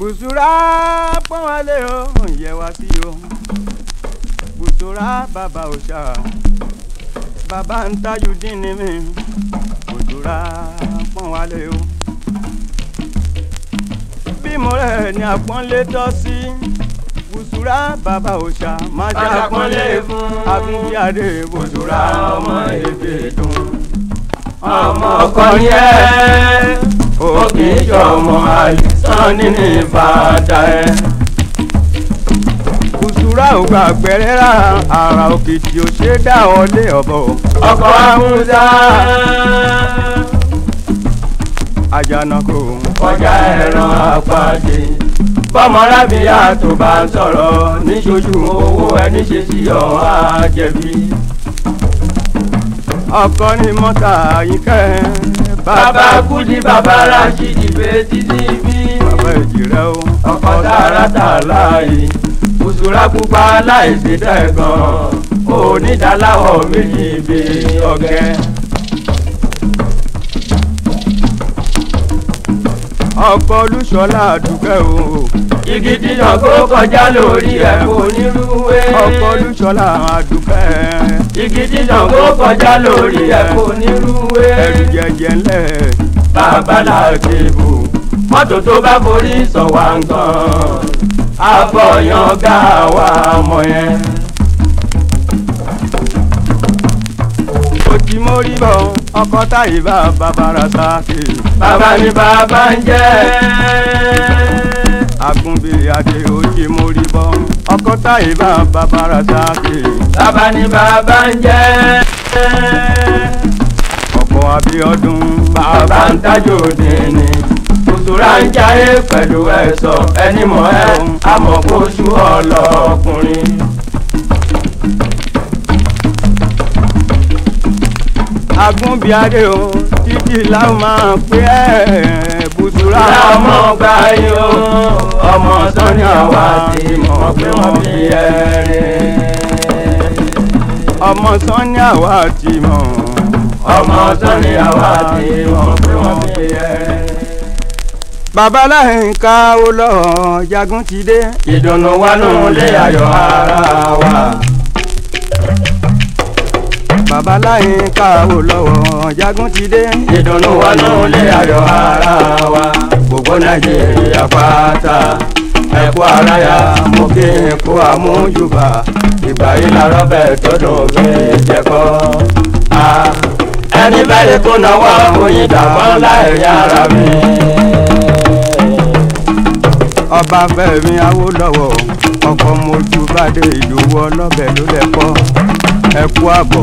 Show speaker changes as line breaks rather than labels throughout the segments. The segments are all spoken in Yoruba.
bùsùrà pọ́n wálé o yẹ wá sí o bùsùrà bàbá òòṣà bàbá ń tájú dín ní mi bùsùrà pọ́n wálé o bí mo rẹ̀ ní àpọ́nlé tọ́ sí bùsùrà bàbá òòṣà má ṣe àpọ́nlé fún akúnfíàdé bùsùrà ọmọ èdè dùn ọmọ ọkọ yẹn ó kì í jọ ọmọ àlè tán nínú ìbàdà ẹ. kùsùrà ò gbà gbẹrẹ rárá àrà òkìtì ò ṣe dá ọ lé ọbọ. ọkọ amúdá. àjànàkò. ọjà ẹran àpàdé bọ́mọlábíyá tó bá ń sọ̀rọ̀ níṣojú owó ẹni ṣe sí ọ̀hún àjẹbí. ọkọ ni mọ́tà yìí kẹ́ bàbá kú ní bàbá Rashidi bẹ́ẹ̀ títí bí. bàbá ìjìrẹ́ o. ọkọ tààràtà láàyè òṣùrà pupa láìsí dẹ́gan onídàláwọ̀ méjì ibi ọ̀gẹ́. ọkọ olúṣọlá àdúgbẹ́ o. igi dídàn kó kọjá lórí ẹ̀kọ́ onírúwé. ọkọ olúṣọlá àdúgbẹ́ igi dídàn kó kọjá lórí ẹ̀kọ́ onírúwé. ẹ̀rù jẹjẹ ńlẹ̀. babalá kébù mọ́tò tó bá forí sọ wá nǹkan àfọyàn gá wa ọmọ yẹn. tí mo rí bọ̀ ọkọ táyé bá babara sáàkì. bàbá ni bàbá ń jẹ́. àgúnbí adé ó mo rí ọkọ táyé bàbá bára sáàkì. bàbá ni bàbá ń jẹ́. ọkọ Abíọ́dún. bàbá ń tájò dèní. òṣùrà ń jayé pẹ̀lú ẹ̀sọ́ ẹni mọ̀ ẹ́ amọ̀kóṣù ọlọ́kùnrin. agúnbíadé o títí la máa pé ẹ bùtùrà ọmọ gbà yó ọmọ tán ni àwa ti mọ̀ pé wọ́n fi ẹ rìn. ọmọ tán ni àwa ti mọ̀ ọmọ tán ni àwa ti mọ̀ pé wọ́n fi ẹ rìn babaláyìn ká ó lọ jagun ti dé. ìdùnnú wa nù lé ayọ̀ ara wa bàbá láyé káwó lọ́wọ́ jagun ti dé. ìdùnnú wa ló ń lé ayọ̀ ara wa gbogbo nàìjíríà pátá ẹ̀kú ara ya mo kí n kó àmójúbà ìgbà yìí làárọ̀ bẹ́ẹ̀ tọdún mi jẹ́kọ́. ẹni bẹ́ẹ̀ kó náwó oyin dàgbọ́ láì yára mi. ọba Fẹ́mi Awólọ́wọ̀ ọkọ mojúbádé ìlú wọ lọ́bẹ̀ ló lẹ́kọ́ ẹ kú àbọ̀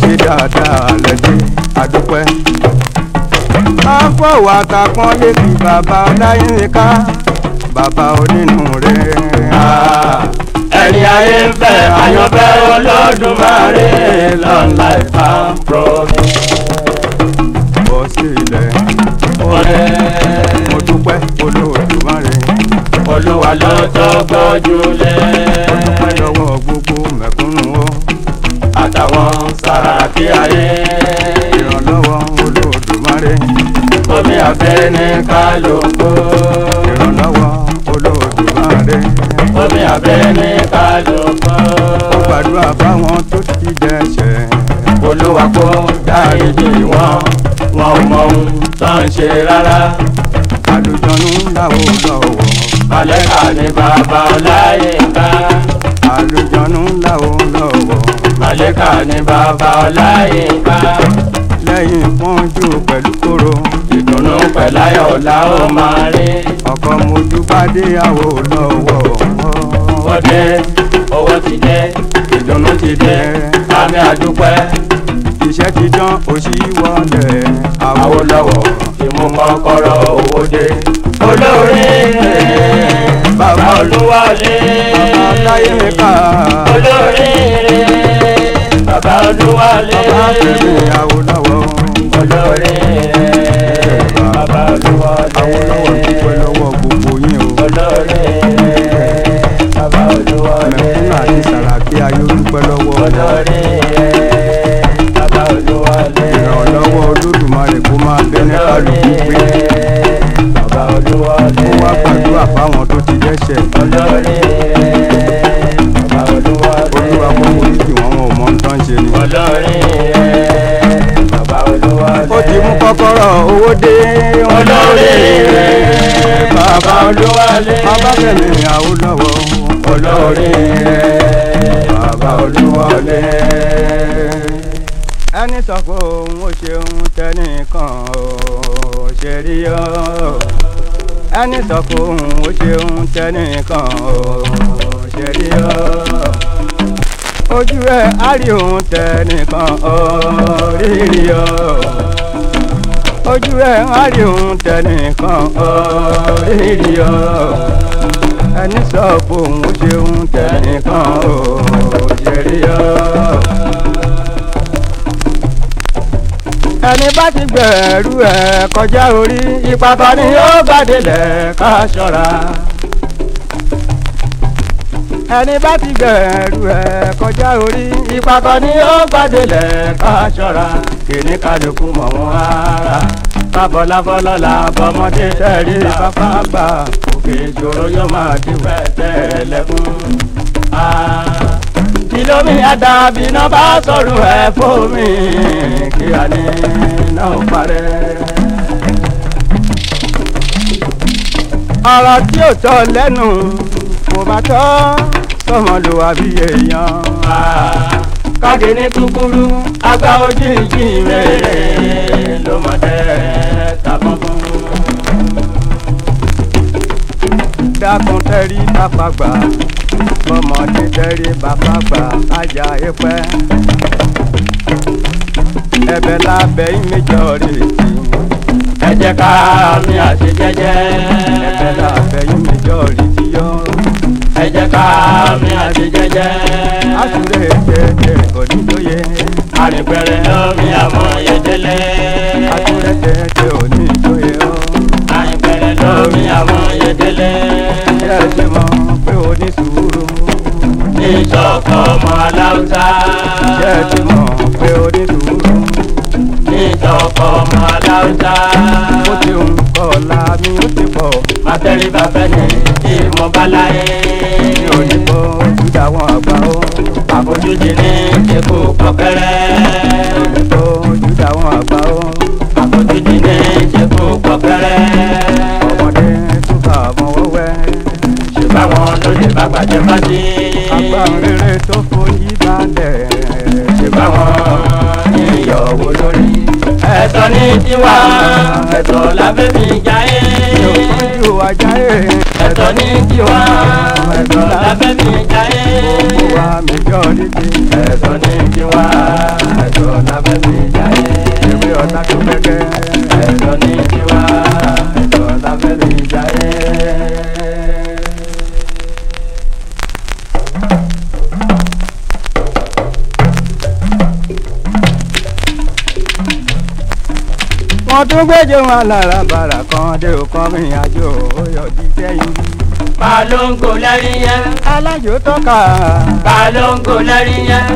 ṣe dáadáa lẹ́dẹ́ adúpẹ́. afọwọ́ àtàpọ́n lèkì bàbá ọláyínká bàbá onínú rẹ̀. ẹni ayé ń fẹ́ àyànfẹ́ olódùmarè long life and promise. bọ́ sílẹ̀ ọ̀rẹ́ mo dúpẹ́ olódùmarè. olúwa ló tó gbójúlé. olùpẹ̀lọ́. kárí ayé. ìrànlọ́wọ́ olódùmarè. omi abẹ́rẹ́ ní kálukú. ìrànlọ́wọ́ olódùmarè. omi abẹ́rẹ́ ní kálukú. ó gbàdúrà fáwọn tó ti dẹ́ṣẹ̀. olúwa kó dáríjì wọn wọn ò mọ ohun tó ń ṣe rárá. àlùjọ̀nù làwọn ò lọ wọ̀. bàbá ọláyé ká. àlùjọ̀nù. Àlékà ni bàbá Ọláyínká. lẹ́yìn pọ́njú pẹ̀lú kóró. ìdùnnú pẹ̀láyọ̀ la ó máa rí. ọkọ mojú bá dé àwọ̀ lọ́wọ́. ọdẹ owó ti dé ìdùnnú ti dé àmì àdúpẹ́. iṣẹ́ ti dán òṣì wọlé. àwọ̀ lọ́wọ́ ìmúkọ́kọ́rọ́ owó dé. olórí bàbá olúwalé. bàbá Ọláyínká. olórí rẹ̀ bàbá olúwalé bàbá tèmi àwòlọ́wọ́ olóore rẹ̀ bàbá olúwalé àwòlọ́wọ́ dúpẹ́ lọ́wọ́ gbogbo yín o olóore rẹ̀ bàbá olúwalé mẹ̀kúnà àti sàràkí ayé olúpẹ́ lọ́wọ́ olóore. olúwalé ọba tẹ̀lé àwòlọ́wọ́ olóore bàbá olúwalé. ẹni sọ pé òun ò ṣeun tẹnìkan ò ṣe rí ọ ẹni sọ pé òun ò ṣeun tẹnìkan ò ṣe rí ọ ojú ẹ á rí òun tẹnìkan ọ̀rìrì ọ̀ ojú ẹ̀ wá rí òun tẹnìkan ọ̀rẹ́rì ọ̀ ẹni sọ pé òun ṣe òun tẹnìkan ọ̀rẹ́rì ọ̀. ẹni bá ti gbẹ̀rú ẹ̀ kọjá orí ìpapá ni ó bá délẹ̀ ká ṣọ́ra ẹni bá ti gbẹ̀rù ẹ̀ kọjá orí ìpàkọ́ ni ó gbàdélẹ̀ ká ṣọ́ra kìíní kálukú mọ̀ wọ́n rárá bábọ́lábọ́lọ́ la bọ́mọdé tẹ̀rí pápá gbà òkè ìṣòro yóò máa di pẹ́ẹ́tẹ́ lẹ́kún. kìlómi àdàbí náà bá sọ̀rọ̀ ẹ̀ fómi kí a ní náà parẹ́. ọ̀rọ̀ tí ò tọ́ lẹ́nu kò bá tọ́ sọmọlúwàbí èèyàn káde kukuru, kúkúrú agbá ojú ìjì rẹ̀ ló mọ̀ tẹ́ tàbọ̀n fún. dákun tẹ́rí bàbá gbà bọ́mọdé tẹ́rí bàbá gbà ajá ẹ̀pẹ́ ẹ̀bẹ̀ lábẹ́ ìmẹjọ rẹ̀ tì ẹ jẹ́ ká mi àṣejẹ́jẹ́ ẹ̀bẹ̀ lábẹ́ ìmẹjọ rẹ̀ tì yọ jẹ́jẹ́ káàmì àti jẹ́jẹ́. àtúndé jẹjẹ onídóye. àrìnpẹ̀rẹ̀ lómi àmọ́ yẹtẹ́lẹ̀. àtúndé jẹjẹ onídóye o. àrìnpẹ̀rẹ̀ lómi àmọ́ yẹtẹ́lẹ̀. ẹ ṣe mọ̀ pé o ní sùúrù. ní ìṣọ̀kan ọmọ aláwùsá. ẹ ṣe mọ̀ pé o ní sùúrù ọ̀pọ̀ ọmọ aláwùjá. mo ti ń kọ́ ọ̀la mi ó ti pọ̀. màtẹ́rì bàbá ni kí mo bá láyé. mi ò ní bọ́ ojú dáwọn àgbà ó. àbójútì ní kíkú pọ̀kẹ́rẹ́. mi ò ní bọ́ ojú dáwọn àgbà ó. àbójútì ní kíkú pọ̀kẹ́rẹ́. ọmọdé tún kà mọ́ wẹ́wẹ́. ṣùgbọ́n àwọn ló bá gbàjẹ́ bá dé. àgbà rere tó foyí balẹ̀. ẹ̀tọ́ ní tiwa ẹ̀tọ́ lábẹ́bí jáyé. ẹ̀tọ́ ní tiwa ẹ̀tọ́ mi jáyé. ẹ̀tọ́ ní tiwa ẹ̀tọ́ lábẹ́bí jáyé. ewé ọ̀tá tó gbẹgẹ. ẹ̀tọ́ ní tiwa. tún gbẹ́jẹ̀ wọn lára bàrà kan dé òkan mi àjò òyòdì sẹ́yìn. balóńgò lẹ́rí yẹn. alájò tọ́ka. balóńgò lẹ́rí yẹn.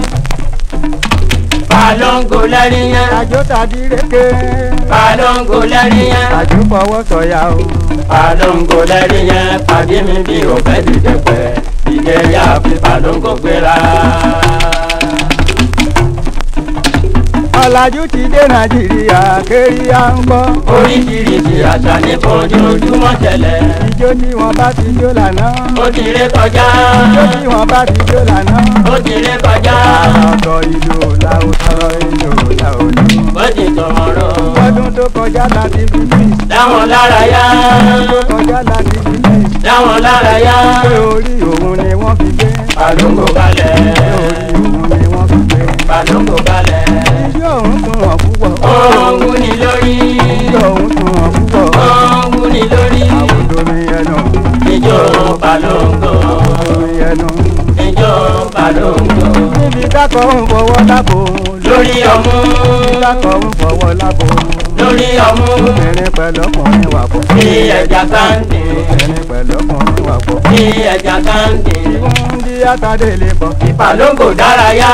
balóńgò lẹ́rí yẹn. àjò tàbí reke. balóńgò yẹn. àjò fọwọ́ sọ̀yà o. balóńgò lẹ́rí yẹn pàdé mi bí òfẹ́ dìde pẹ́ fi balóńgò gbéra. ọ̀làjú ti dé nàìjíríà kéré à ń bọ́. oríṣiríṣi àṣà ní fojoojúmọ́ tẹ̀lẹ̀. ijó tí wọ́n bá ti jó lànà. ó ti ré kọjá. ijó tí wọ́n bá ti jó lànà. ó ti ré kọjá. àtọ̀ ìlú làwọn sọ̀rọ̀ ìlú làwọn lù. bó ti tọmọ rọ. bọ́dún tó kọjá la ti fi bí. dáwọn lára yá. bọ́dún tó kọjá la ti fi bí. dáwọn lára yá. pé orí òun ni wọ́n fi gbé. àlùkò kalẹ̀. pé orí òun ni balógun balẹ̀. ojú òun tún hàn púpọ̀. òun wú ni lórí. ojú òun tún hàn púpọ̀. òun wú ni lórí. àwùjọ mi ẹnu. ìjọ balógun. àwùjọ mi ẹnu. ìjọ balógun. níbi dákọ̀ ń fọwọ́ lábò. lórí ọmú. dákọ̀ ń fọwọ́ lábò. lórí ọmú. obìnrin pẹ̀lú ọkùnrin wà fún. bí ẹja káńtì. obìnrin pẹ̀lú ọkùnrin wà fún. bí ẹja káńtì ìyá tàdé lè bọ̀. ìpàlóńgò dárayá.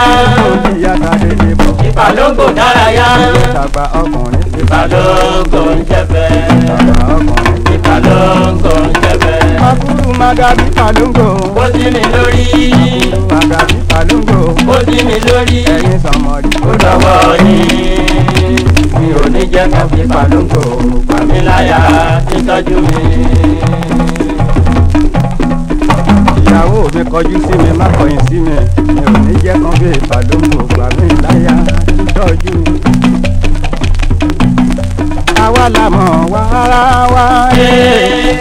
ìyá tàdé lè bọ̀. ìpàlóńgò dárayá. ìtàgbà ọkùnrin. ìpàlóńgò ń jẹ́fẹ́. ìtàgbà ọkùnrin. ìpàlóńgò ń jẹ́fẹ́. akúrú magabi palóńgò. ó sí mi lórí. magabi palóńgò. ó sí mi lórí. ẹyin sọmọdé. ó dọwọ́ yín. mi ò ní jẹ́ kó fi palóńgò pàmíláyà títọ́jú mi ìyàwó mi kọjú sí mi má kọyìn sí mi mi ò ní jẹ́ kán bí ìbàdóńgbò gbà mí láyà tọ́jú mi. àwa la mọ̀ wá wá. ee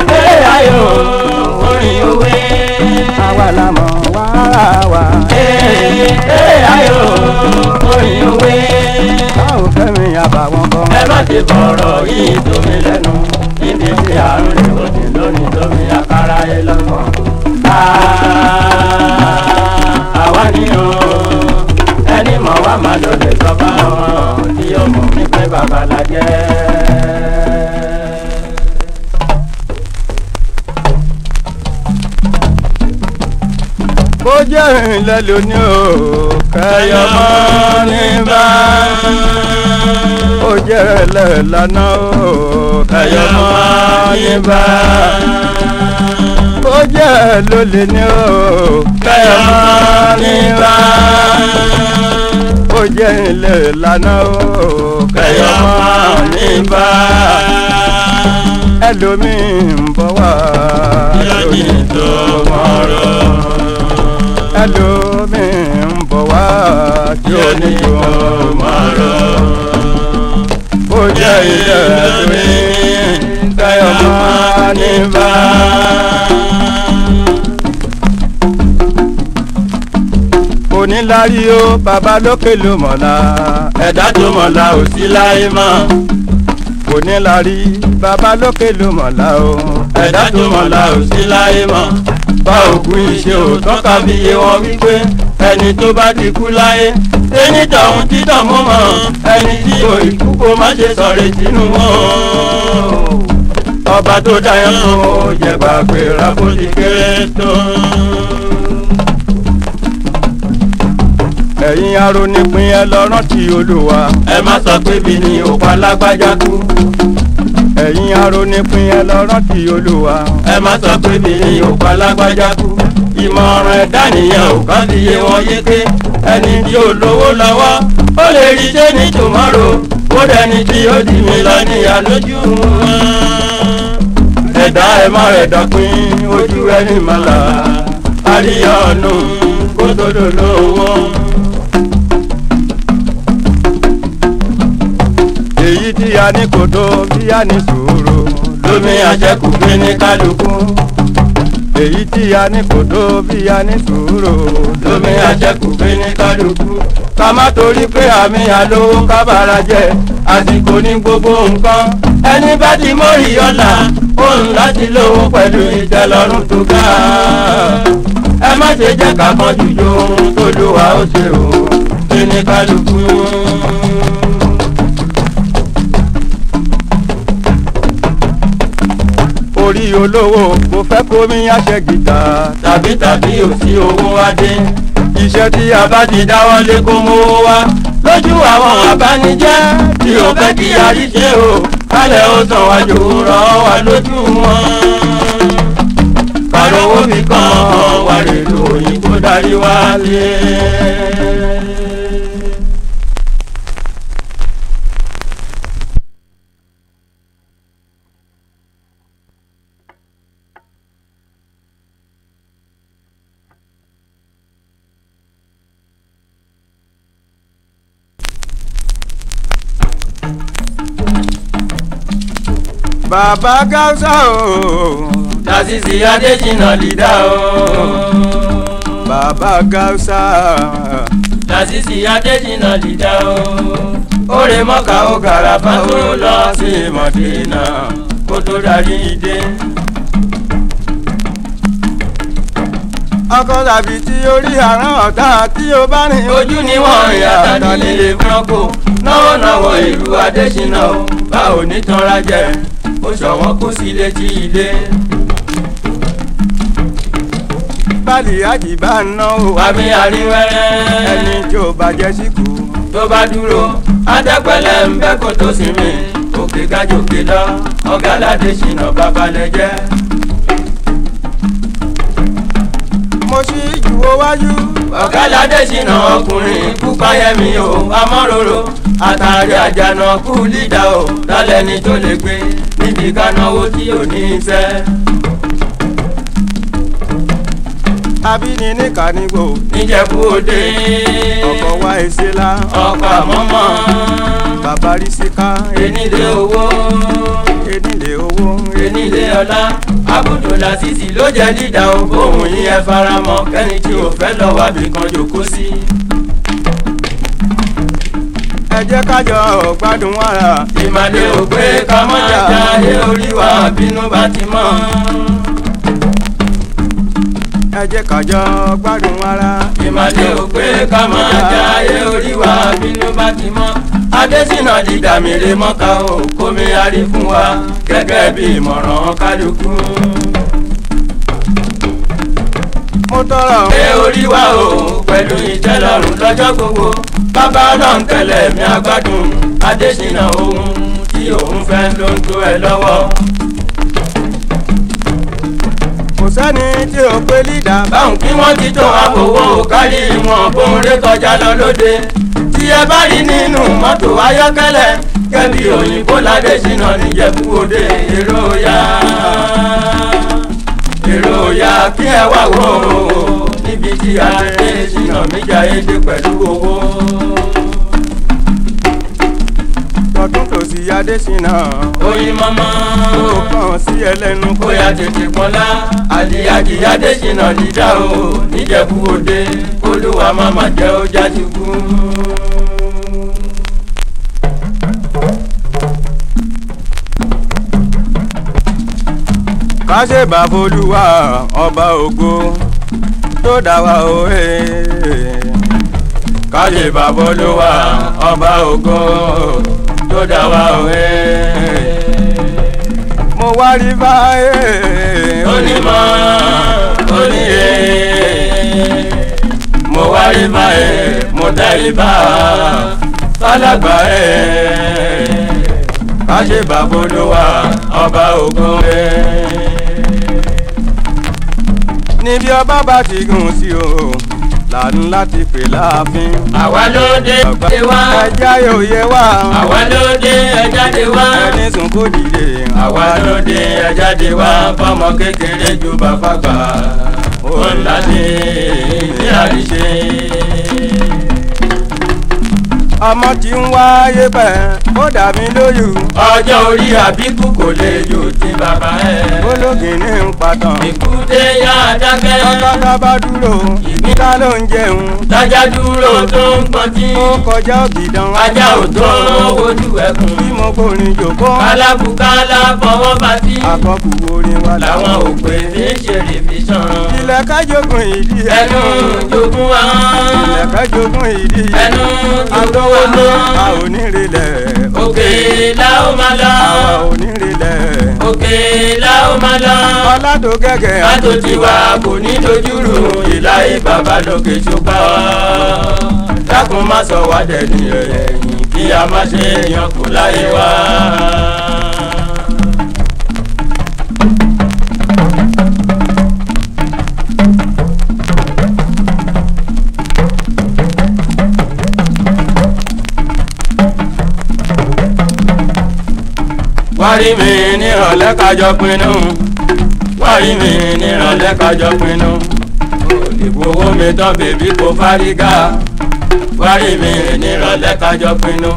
ayò orin òwe. àwa la mọ̀ wá wá. ee ayò orin òwe. báwo fẹ́mi àbàwọ́n kan. ẹ má ṣe bọ̀rọ̀ yìí tó mi lẹ́nu níbi tí àrùn lè rìn lẹ́lò ní o kẹyọmọ́ ní bá ó jẹ́ lẹ́lànà o kẹyọmọ́ ní bá ó jẹ́ lólè ní o kẹyọmọ́ ní bá ó jẹ́ lẹ́lànà o kẹyọmọ́ ní bá ẹlòmíì ń bọ̀ wá lóyún tó mọ̀ rọ̀. tí onígbò máa rọ. bó jẹ́ ìlera tó ní káyọ̀ máa ní bá. onílárí o bàbá lókè ló mọ̀la ẹ̀dá tó mọ̀la ò sí láyé mọ́. onílárí bàbá lókè ló mọ̀la o ẹ̀dá tó mọ̀la ò sí láyé mọ́. bá òkú iṣẹ́ òótọ́ kábíyé wọn wípé ẹni tó bá ti kú láyé ẹni tọ̀hún títọ̀ mọ́ mọ́ ẹni tí ò ikú kó má ṣe sọ̀rọ̀ sínú wọn. ọba tó dáyọ̀ fún ó jẹ̀gbà pé rákò ti kéré tó. ẹ̀yin arónípín ẹ lọ rántí Olúwa. ẹ má sọ pé bí ni òpá lágbájá kú ẹ̀yin arónípin ẹ lọ́rọ́ kí olúwa. ẹ má sọ pé mi ni òkú alágbájá kú ìmọ̀ràn ẹ̀dá nìyẹn ò kàn ti yé wọn yéké ẹni tí ó lówó lọ́wọ́ ó lè rí ṣé ní tòmọ́rò ó dẹni tí ó di mi lọ ní àlójú wọn. ẹ̀dá ẹ má rẹ̀ dọ̀pin ojú ẹni màlà àríyànnú kó tó dòdò wọn. bí a ní kodo bí a ní sùúrù lómi àjẹkù gbé ní kálukú. èyí tí a ní kodo bí a ní sùúrù lómi àjẹkù gbé ní kálukú. ká má torí pé àmì àlówó kábàárà jẹ àsìkò ní gbogbo nǹkan ẹni bá ti mórí ọ̀la òun láti lówó pẹ̀lú ìtẹ́lọ́rùn tó ga. ẹ má ṣe jẹ́ ká kan jùjọ ohun tó lù ó ṣe òun gbé ní kálukú. orí olówó mo fẹ́ kó mi àṣẹ gìtà. tàbí tàbí ò sí owó adé. iṣẹ́ tí a bá ti dáwọ́ lé kó mówó wá. lójú àwọn abánijẹ́ tí ò fẹ́ kí a ṣe o. kálẹ̀ ó sàn wá jòwó ràn wá lójú wọn. kàrọ̀wó mi kàn wá rèlò òyìnbó darí wálé. Baba gáúsà o. Tàṣìṣì Adéjìnà lìdá o. bàbá gáúsà. Tàṣìṣì Adéjìnà lìdá o. Oore mọ́ka ó gara bá ó lọ sí Mọ̀dínà kó tó darí dé. ọkọ tàbí tí ó rí àrán ọ̀tá tí ó bá rìn. ojú ni wọ́n rìn àtàlẹ́ lè fúnrọ́kọ̀ náwó náwó ìlú Adéṣínà o báwo ní tanra jẹ́ ó ṣọwọ́ kó sí létí ilé. báàlì àjì bá ń ná o. àmì àríwẹ́rẹ́. ẹni tí ò bàjẹ́ síkù. tó bá dúró adágbẹ́lẹ́ ń bẹ́ kó tó sinmi òkè gájòkè lọ ọ̀gá aládé ṣìnà babalẹ̀ jẹ́. mo ṣí ìjùwọ́ wájú. ọ̀gá aládé ṣìnà ọkùnrin púpáyẹmí o amọ́ròrò. Atari àjànà kú lídà o lálẹ́ni tó lè gbé níbi ká náwó tí ò ní iṣẹ́. abínini kanigbo. níjẹ̀bú òde. ọkọ̀ wa èsìlá. ọkọ̀ àmọ́mọ́. bàbá rísíká. enílé owó. enílé owó. enílé ọlá. abudu lasisi ló jẹ́ lídà o. bóun yìí ẹ faramọ́ kẹ́ni tí o fẹ́ lọ wábi kan jòkó sí ẹ jẹ́ kájọ gbádùn ara. ìmàdé ò pé ká má jáde orí wa bínú bá ti mọ́. ẹ jẹ́ kájọ gbádùn ara. ìmàdé ò pé ká má jáde orí wa bínú bá ti mọ́. adésínà dìdà mi lè mọ́ka o kó mi arí fún wa gẹ́gẹ́ bí ìmọ̀ràn kálukú mo tọrọ. pé orí wa o pẹ̀lú ìtẹ́lọ́rùn lọ́jọ́ gbogbo bára ń tẹ́lẹ̀ mi agbádùn adésínà ohun tí òun fẹ́ ló ń tó ẹ lọ́wọ́. kò sẹ́ni tí ò pé lídà. báwọn kí wọ́n ti tó àbòwò kárí wọn bóun ré kọjá lọ lóde. tí ẹ bá rí nínú mọ́tò ayọ́kẹ́lẹ́ kẹ́bi òyìnbó ládésínà níjẹ̀bú òde èrò yá èrò yá kí ẹ wá wò ó níbi tí adésínà mi jà édè pẹ̀lú owó. ti Adésínà. Oyin mama. Mo kàn sí ẹlẹ́nu. Bóyá tètè pọ́nlá. Àdìyàdì Adésínà dídá o. Níjẹ̀bú òde. Olúwa má jẹ́ ó já ti kú. ká bá folúwa ọba ògo tó dá wa òwe. ká ṣe bá folúwa ọba ògo tó dá wa òwe. Eh. mo wá rí báyé. onímọ̀ oníye. mo wá rí báyé mo dá ibà fálágbà ẹ̀. Eh. káṣe bàbódò wa ọba ògùn ẹ̀. Eh. níbi ọba bá ti gùn sí o là ń láti pè láàfin.
àwa ló dé dé wá. ẹja yóò yẹ wá. àwa ló dé
ẹja dé wá. ẹni sùn kó dìde. àwa ló dé ẹja wá. fọmọ kékeré ju bàbá gbà. ó ń láti ìdí ọmọ tí ń wáyé bẹ́ẹ̀ ó dà mí lóyún. ọjọ́ orí àbíkú kò lè jò tí bàbá ẹ̀. olóògì ní ń patàn. ìkúté yá dákẹ́. tọ́kọ́tọ́ bá dúró. ìbílá ló ń jẹun. tájà dúró tó ń pọtí. ó kọjá òbídàn. ajá ò tó ojú ẹkùn. bí mo borin jòkó. kálábùkálá fọwọ́ bàtí. àkọkù orin wa làwọn òpè ní ṣèrè mi sàn. ilẹ̀ ká jogún ìdí. ẹnu jogún ahọ́n. ilẹ̀ ká jogún ìdí. ẹnu jogún wọná. a ò ní relẹ̀. òkè la ó máa lọ. àwa ò ní relẹ̀. òkè la ó máa lọ. ọládò gẹ́gẹ́. látò tiwa kò ní dojúrú ìlà ìbàbà lókè ṣùgbọ́n. dákun má sọ wá dẹ̀ kí a má ṣe yan kù láyé wá. wá rí mi nírọ̀lẹ́ kájọ pinnu wá rí mi nírọ̀lẹ́ kájọ pinnu ìgbowó mi tán bèbí kò fárígà wá mi nírọ̀lẹ́ kájọ pinnu.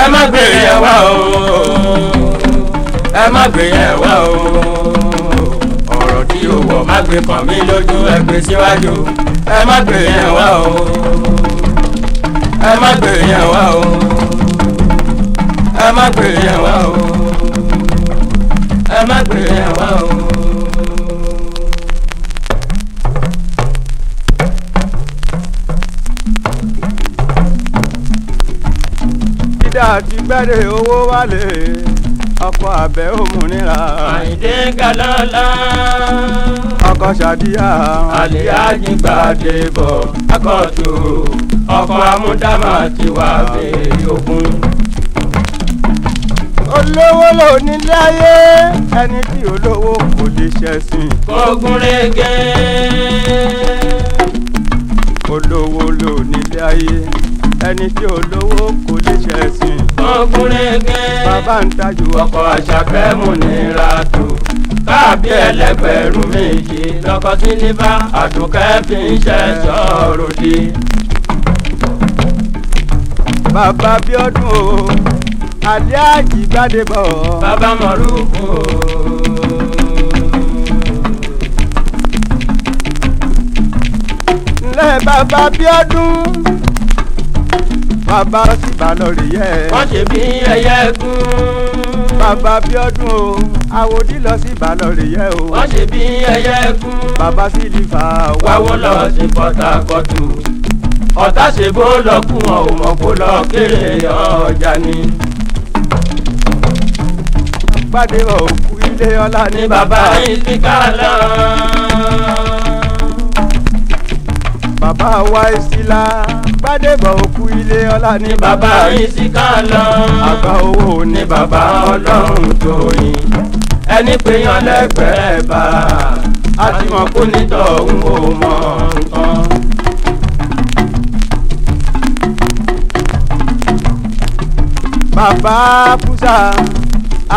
ẹ má gbé yẹn wá o ẹ má gbé yẹn wá. gbé pọ̀ mí lójú ẹ gbé síwájú ẹ má gbé yẹn wá o ẹ má gbé yẹn wá o ẹ má gbé yẹn wá o ẹ má gbé yẹn wá o. dídá àti gbẹ́rẹ́ owó wálé ọkọ abẹ òmìnira. àyìndé galọ́lá. ọkọ ṣàdíyà. àlíyájì gbàdé bọ̀ akọ́tù ọkọ amúdámà ti wà bẹ́ẹ̀ ogun. olówó ló ní láyé ẹni tí olówó kò lè ṣẹ̀sìn. kógun rege. olówó ló ní láyé ẹni tí ò lówó kò lè ṣẹ̀sìn. ọkùnrẹ́gẹ́ bàbá ń tajú ọkọ̀ àṣàfẹ́ mú nira tó káàbí ẹlẹgbẹ̀rún méjì lọkọ sílífà àdùkẹ́ fi ń ṣẹ̀ṣọ́ òròdì. bàbá bíọ́dún o adé àjìgbádé bọ̀. bàbá mọ̀rúkú o. ilé bàbá bíọ́dún bàbá sì bá lọ rè yẹ. wọ́n ṣe bí ẹyẹ gún. bàbá bíọ́dún o àwòdì lọ sí bá lọ rè yẹ o. wọ́n ṣe bí ẹyẹ gún. bàbá sì lè fà wá. wáwo lọ sí pọtakọ́tù ọ̀tá ṣe bó lọ kú wọn ò mọ̀ kó lọ kéré ọjà ni. pàdé òkú ilé ọlá ní bàbá ìsìnká lọ. bàbá wa ìsìlá gbàdébọ̀ òkú ilé ọlá ni bàbá ìsìká lọ. àgbà owó ní bàbá ọlọ́run tó yìn. ẹni pé yan lẹ́gbẹ̀ẹ́ bá a ti mọ̀ kó nítọ̀ ń wò mọ̀ nǹkan. bàbá kúsà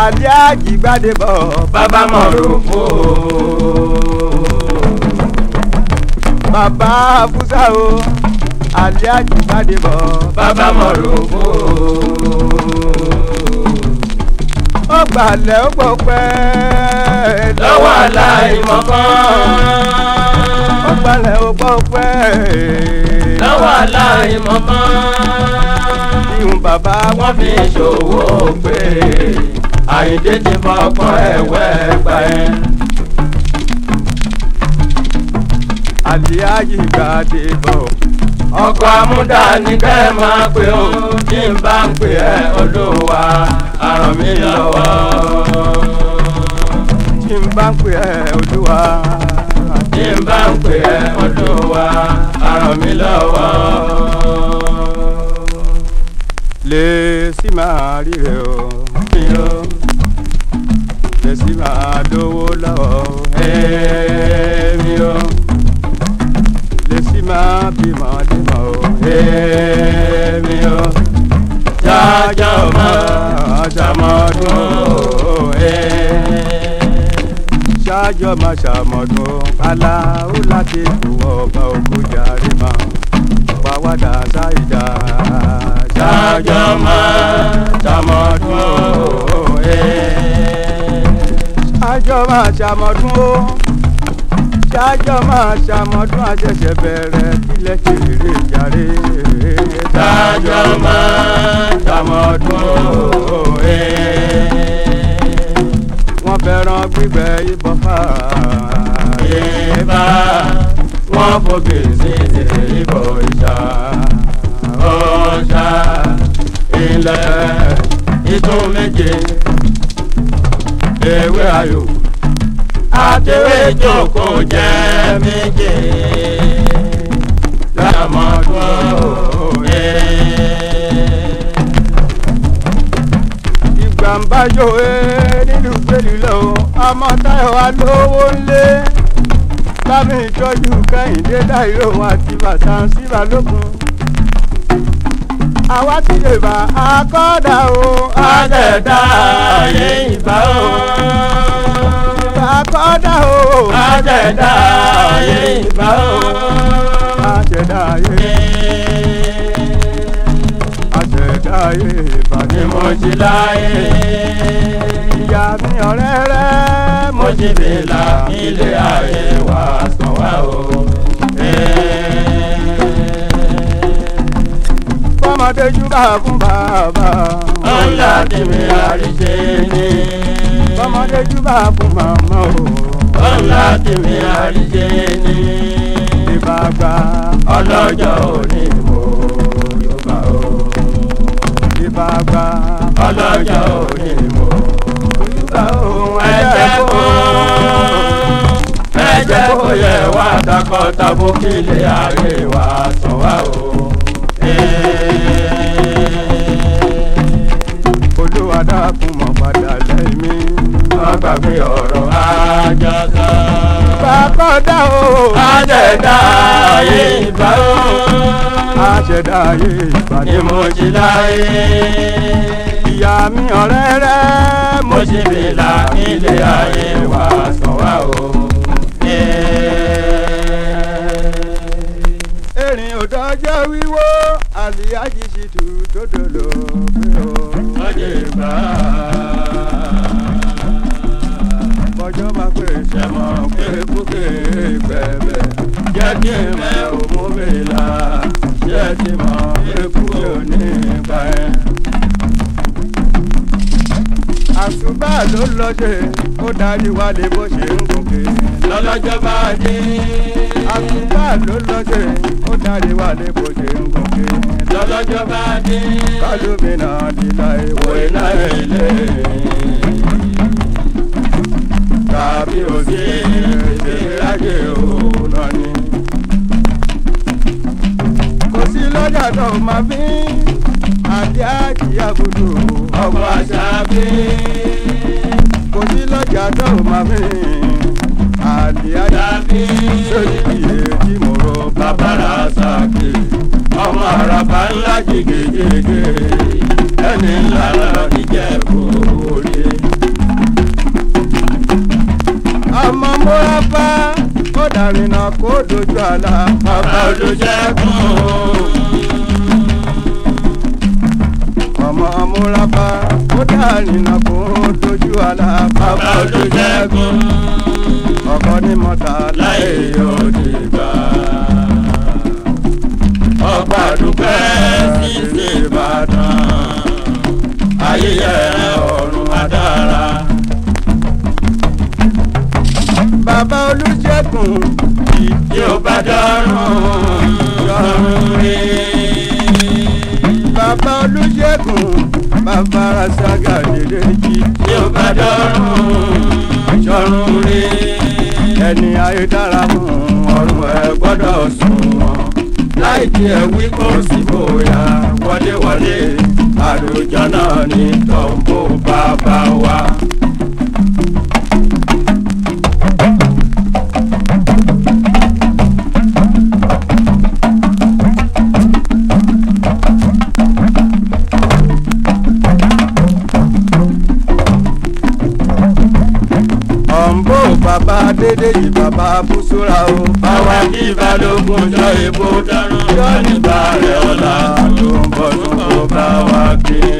àdé àjìgbàdé bọ̀ bàbá mọ̀rọ̀ fò. bàbá kúsà o alẹ́ àjùjáde bọ̀. bàbá mọ̀rùnkù. ó gbàlẹ̀ ó pọ̀pẹ́. lọ́wọ́ aláìmọ̀kan. ó gbàlẹ̀ ó pọ̀pẹ́. lọ́wọ́ aláìmọ̀kan. ìhùn bàbá wọn fi ṣòwò pé àyíǹde ti fọkàn ẹ̀wẹ́ gbà ẹ́. àlẹ́ àjùjáde bọ̀ ọkọ̀ amúdá ni kẹ́ ẹ máa pè ó bí n bá ń pè ẹ́ olóòwà àràn mi lọ́wọ́. bí n bá ń pè ẹ́ olúwa. bí n bá ń pè ẹ́ olúwa àràn mi lọ́wọ́. lè sí máa ríre o. mi lè sí máa dówó lọ́wọ́. èèmí o máa bima bima o. èmi eh. o jájá eh. o máa ṣàmọ́dún o. ṣáájọ́ máa ṣàmọ́dún aláwo láti kú ọba ògùn jàre máa pàwádà ṣáìjà. ṣáájọ́ máa ṣàmọ́dún o. ṣáájọ́ máa ṣàmọ́dún o ṣáájọ́ máa ṣàmọ́dún àṣẹ̀ṣẹ̀ bẹ̀rẹ̀ kílẹ̀ tèrè jàre. ṣáájọ́ máa ṣàmọ́dún ee. Eh. wọ́n fẹ́ràn gbígbẹ́ ibọ̀ fà. ìbá wọ́n fòkè sí ìdílé ibọ̀ ìṣá. ọ̀ṣà ilẹ̀ ìtún méje ewé ayò àtẹwé jókòó jẹ́ méje lámọ̀dún ẹ̀. ìgbà ń bá yọ ẹ́ nílùú gbèlú lọ́wọ́ àmọ́ táyọ̀ wá lówó ńlẹ́ lámì ìtọ́jú kẹ́hìndé dáìró wọn àti bàtà ń síra lókun. àwa ti lè bá akọ́dà o. a lè dá ayé ìbá o kọ́dà o. àjẹ̀dá ayé ìbá o. ye, ayé. àjẹ̀dá ayé ìbá ni mo la ye, ìyá mi ọ̀rẹ́ rẹ̀. mo jí bèèlà ilé ayé wa sàn wá o. bọ́mọdé jù bá fún bàbá ńlá tèmi àríṣe ni. bọ́mọdé júbà fún màmá o. ńlá tèmi àríṣe ni. ìbàgbà ọlọ́jọ́ òní mo yorùbá o. ìbàgbà ọlọ́jọ́ òní mo yorùbá o. ẹ jẹ́ kó ẹ jẹ́ kó yẹ wá dákọ́ tàbó kí ilé ayé wa sàn wá o. àjẹ̀dá o. àjẹ̀dá ayé ìbá o. àjẹ̀dá ayé ìbá ni mo ti láyé. ìyá mi ọ̀rẹ́ rẹ̀. mo ṣe lè la ilé ayé wa sàn wá o. erin ò dọ́jọ́ wíwó àlìyá jìṣìtù tó dòlò pé o. ọjọ́ ìbá. ebuke gbẹbẹ jẹki mẹ omobela jẹki mọ eku onígbà ẹ. àṣùbà ló lọ́dẹ ó darí wálé bó ṣe ń gòkè. lọ́lọ́jọ́ bá dé. àṣùbà ló lọ́dẹ ó tàbí òsì ìdèrèlájẹ òun náà ni. kò sí lọ́jà tó máa fi àti àjìyàgòdò ọmọ àṣàbí. kò sí lọ́jà tó máa fi àti àjìyàgòdò sórí iye tí mo rọ bàbára sàkè ọmọ àràbà ńlá jìgèjègè ẹni ńlá lọ ìjẹ́ òòrè. kó rápá kó dàrínà kó dojú àlà bàbá olùjẹ́kùn ọmọ amúrápá kó dàrínà kó dojú àlà bàbá olùjẹ́kùn ọkọ ní mọ́ta láì yóò dìgbà ọgbà dúpẹ́ sí Ìbàdàn ayé yẹ ọ̀run. bàbá olùṣègùn ìdí ò bá dọ́rùn dọ́rùn rí. bàbá olùṣègùn bàbá arasaga dédé ìdí ò bá dọ́rùn dọ́rùn rí. ẹni ayé dára mú ọrùn ẹ gbọ́dọ̀ sùn wọn láì jẹ́ wí kò sí bóyá wọléwọlé àròjọ náà ní tọ́ǹbù bàbá wa. balógun jọ ìbò dáràn nígbà rẹ̀ ọ̀la tó ń bọ̀ tó bá wa kiri.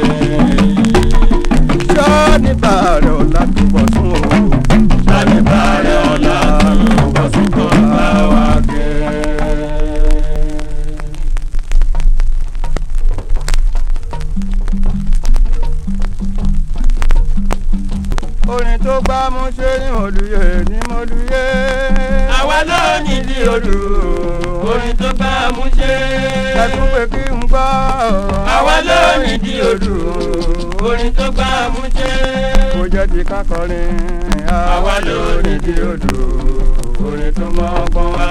orin tó gbá mú ṣe ní olùyè ní mọ́lúyè. àwa náà nídi olù orin tó gbá mú ṣe. ẹ̀sùn pé kí n gbọ́. àwa náà nídi olù orin tó gbá mú ṣe. kò jẹ́ ti kákọrin. àwa náà nídi olù orin tó mọ́ ọgbọ́n wá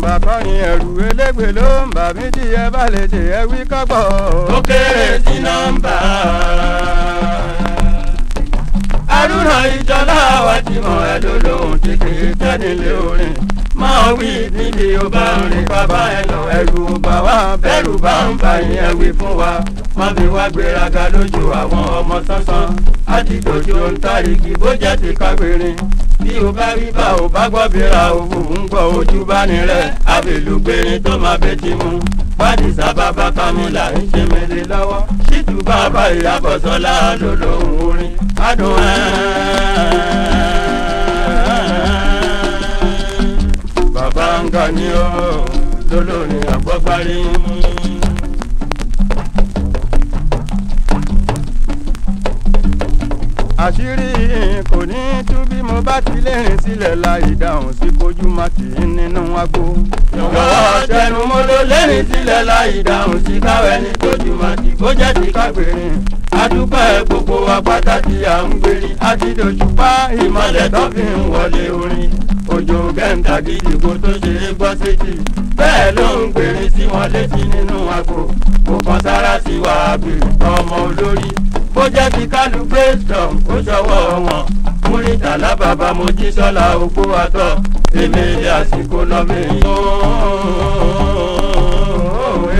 ń bá kọrin ẹ̀rù elégbè ló ń bà mí tí ẹ bá lè ṣe ẹ wí kọ́pọ̀. ó kéré sí nọ́mbà. arúnà ìjọlá wa ti mọ ẹ lólóhùn tí kì í tẹ́nilé orin máa wí níbi ó bá rìn pápá ẹ lọ ẹrù bá wa bẹ́rù bá ń bá yẹn wí fún wa mọ́bí wá gbéraga lójú àwọn ọmọ sánsán àdìgbòjú ń tàrígi bó jẹ́ ti kágbérin bí o bá rí bá o bá gbọ́ bíra òwò ń gbọ́ ojú bá rẹ̀ abèlúgbérin tó máa bẹ ti mu wádìí sábàbà kamila ń ṣe mele lọ́wọ́ ṣíjú bàbá ìyàbọ̀sọ́lá ló lóhùn orin adùn ẹ̀ bàbá ń ga ni ó lólórin àgbọ́gbárí mú. àṣírí kò ní tú bí mo bá ti lérìn sílẹ̀ láì dáhùn sí kojú má kì í nínú agbó. yọ̀wọ́ tẹnu mo ló lérìn sílẹ̀ láì dáhùn sí káwẹ́ ní kojú má kì í kó jẹ́ ti kágbèrè. adúpẹ́ gbogbo apáta tí à ń gbèrè àti dojúpa ìmọ̀lẹ̀ tó fi ń wọlé orin òjò gẹ́ǹtàgìdì kò tó ṣe é gbọ́ sétí bẹ́ẹ̀ ló ń gbèrè sí wọn létí nínú àgò kò kàn sára sí wa àbèrè ọmọ olórí bó jẹ́ ti kálù brainstorm ó ṣọwọ́ wọn múrítàlá bàbá Mojísọ́lá ògbó àtọ̀ èmi àsìkò lọ́mọ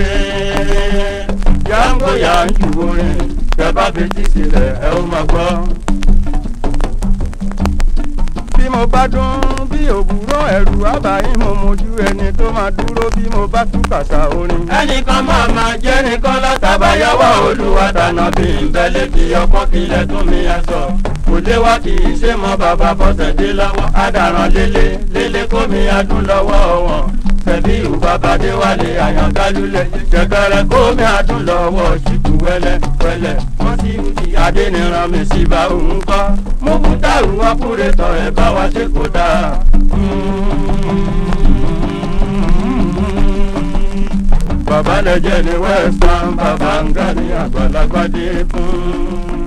èèyàn yàǹgóyà ń ju orin bẹ́ẹ̀ fetí sílẹ̀ ẹ ó máa gbọ́. bí mo bá dún bí òwúrọ̀ ẹ̀rù àbáyé mo mojú ẹni tó máa dúró bí mo bá tú kàṣà orin. ẹnìkan máa máa jẹ́ nìkan látàbáyọ́wọ́ olúwa tànà bí ìbẹ́lẹ̀ bí ọkọ́ kílẹ̀ tún mi ẹ sọ. kò léwá kì í ṣe mọ bàbá bọ́sẹ̀ dé lọ́wọ́ adarán lélẹ̀ lélẹ̀ kó mi adún lọ́wọ́ wọn. Àfẹ́bíyù bàbá Déwálé àyàngálúlẹ̀ jẹgbẹrẹ kómi àdún ṣìkú wẹ́lẹ́ wẹ́lẹ́ wọ́n ti ń di adéníran mi sí bá òun kọ́ mo kú dàrú ọkùnrin tọ̀ ẹ̀ bá wa ṣe kó dáa. bàbá lẹ́jẹ̀ ni west ham bàbá ń gà ní àgbàlagbà dé fún un.